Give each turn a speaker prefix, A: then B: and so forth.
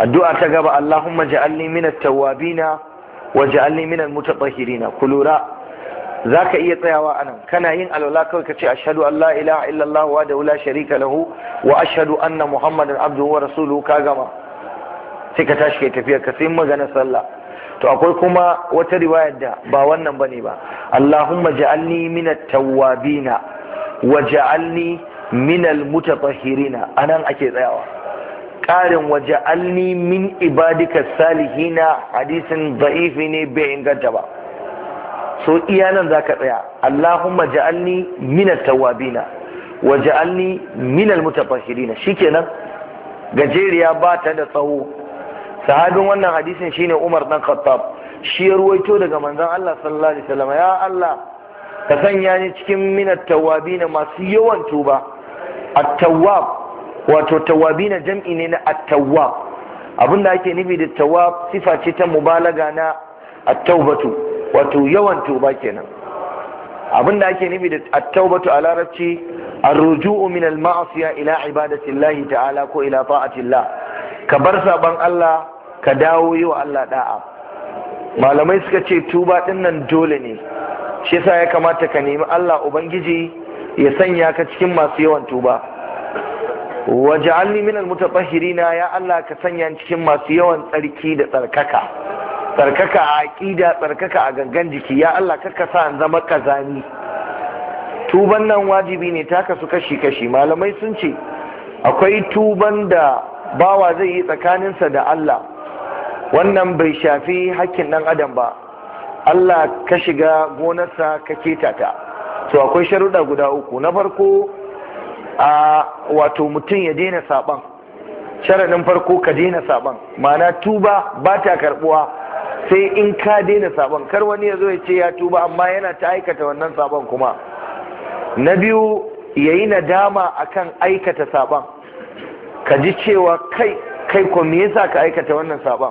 A: addu'a ta gaba Allahumma ja'alni minat tawwabina wa ja'alni minal mutatahhirina kulura zaka iya tsayawa anan kana yin alwala kawai kace ashhadu an la ilaha illallah wa da la sharika lahu wa ashhadu anna muhammadan abduhu wa rasuluhu ka gama sai ka tashi kai tafiya ka sai magana sallah to akwai kuma wata riwayar da ba wannan bane ba Allahumma ja'alni minat tawwabina wa ja'alni minal mutatahhirina anan ake tsayawa ƙarin waje alni min ibadika salihina hadisin za'ifi ne bai inganta ba so iya nan za ka tsaya allahumma ja'alni min tawabina wa ja'alni min almutafahirina shikenan
B: gajeriya
A: ba ta da tsawo sahabin wannan hadisin shine umar dan khattab shi ya ruwaito daga manzon allah sallallahu alaihi ya allah ka sanya ni cikin min tawabina masu yawan tuba at-tawwab wato na jam'i ne na at-tawwab abinda ake nufi da tawwab sifa ce ta mubalaga na at-taubatu wato yawan tuba kenan abinda ake nufi da at-taubatu a larabci ar-ruju'u min al-ma'siya ila ibadati tillahi ta'ala ko ila ta'ati ka bar saban Allah ka dawo yi wa Allah da'a malamai suka ce tuba din nan dole ne shi yasa ya kamata ka nemi Allah ubangiji ya sanya ka cikin masu yawan tuba waj'alni minal mutatahhirina ya Allah ka sanya cikin masu yawan tsarki da tsarkaka tsarkaka a aqida tsarkaka a gangan jiki ya Allah ka sa an zama kazani tuban nan wajibi ne ta kasu kashi kashi malamai sun ce akwai tuban da bawa zai yi tsakaninsa da Allah wannan bai shafi hakkin ɗan adam ba Allah ka shiga gonarsa ka keta ta to akwai sharuɗa guda uku na farko a wato mutum ya daina saban sharaɗin farko ka daina saban mana tuba ba ta karɓuwa sai in ka daina saban kar wani ya zo ya ce ya tuba amma yana ta aikata wannan saban kuma na biyu ya yi nadama kan aikata saɓan, ka ji cewa kai kai ko me yasa ka aikata wannan saban